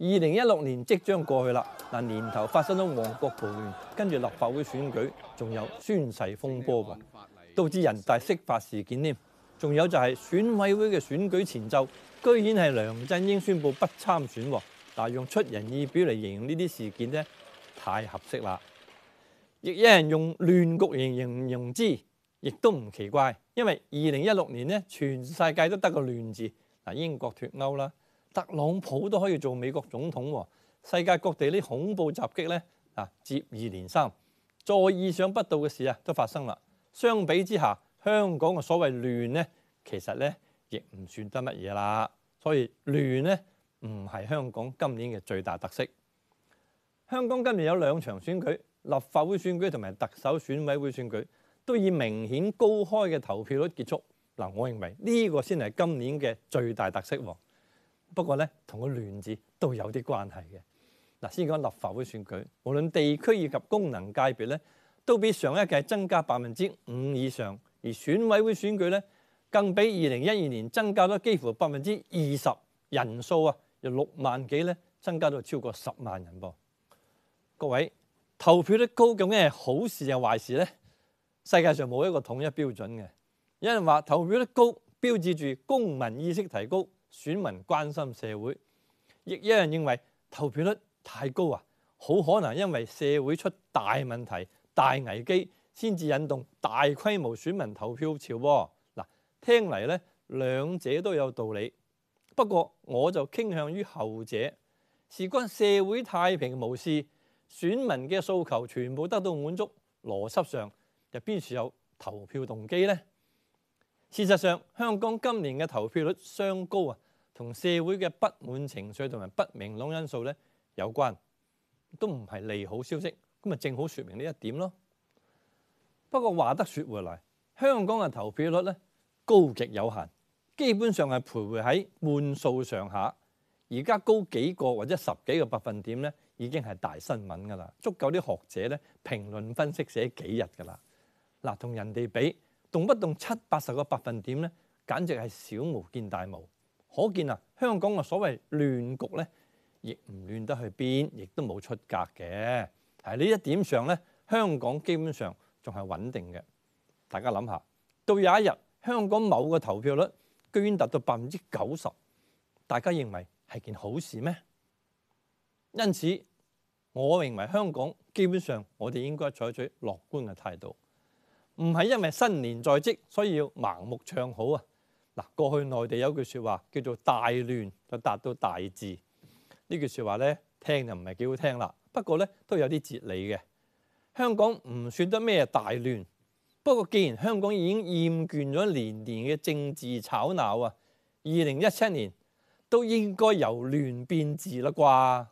二零一六年即將過去啦，嗱年頭發生咗旺角暴亂，跟住立法會選舉，仲有宣誓風波噃，導致人大釋法事件呢，仲有就係選委會嘅選舉前奏，居然係梁振英宣布不參選，嗱用出人意表嚟形容呢啲事件咧，太合適啦！亦有人用亂局形容之，亦都唔奇怪，因為二零一六年呢，全世界都得個亂字，英國脫歐啦。特朗普都可以做美國總統，世界各地啲恐怖襲擊咧啊，接二連三，再意想不到嘅事啊都發生啦。相比之下，香港嘅所謂亂咧，其實咧亦唔算得乜嘢啦。所以亂咧唔係香港今年嘅最大特色。香港今年有兩場選舉，立法會選舉同埋特首選委會選舉，都以明顯高開嘅投票率結束。嗱，我認為呢個先係今年嘅最大特色。不過咧，同個亂字都有啲關係嘅。嗱，先講立法會選舉，無論地區以及功能界別咧，都比上一屆增加百分之五以上；而選委會選舉咧，更比二零一二年增加咗幾乎百分之二十，人數啊，由六萬幾咧，增加到超過十萬人噃。各位，投票率高究竟係好事啊壞事咧？世界上冇一個統一標準嘅。有人話投票率高，標誌住公民意識提高。選民關心社會，亦有人認為投票率太高啊，好可能因為社會出大問題、大危機，先至引動大規模選民投票潮。嗱，聽嚟咧，兩者都有道理。不過我就傾向於後者，事關社會太平無事，選民嘅訴求全部得到滿足，邏輯上入邊處有投票動機呢？事實上，香港今年嘅投票率相高啊，同社會嘅不滿情緒同埋不明朗因素咧有關，都唔係利好消息。咁啊，正好説明呢一點咯。不過話得説回來，香港嘅投票率咧高極有限，基本上係徘徊喺半數上下。而家高幾個或者十幾個百分點咧，已經係大新聞噶啦，足夠啲學者咧評論分析寫幾日噶啦。嗱，同人哋比。動不動七八十個百分點咧，簡直係小巫見大巫。可見啊，香港嘅所謂亂局咧，亦唔亂得去邊，亦都冇出格嘅。喺呢一點上咧，香港基本上仲係穩定嘅。大家諗下，到有一日香港某個投票率居然達到百分之九十，大家認為係件好事咩？因此，我認為香港基本上我哋應該採取樂觀嘅態度。唔係因為新年在即，所以要盲目唱好啊！嗱，過去內地有句説話叫做大亂「大亂就達到大治」這呢，呢句説話咧聽就唔係幾好聽啦。不過咧都有啲哲理嘅。香港唔算得咩大亂，不過既然香港已經厭倦咗年年嘅政治吵鬧啊，二零一七年都應該由亂變治啦啩。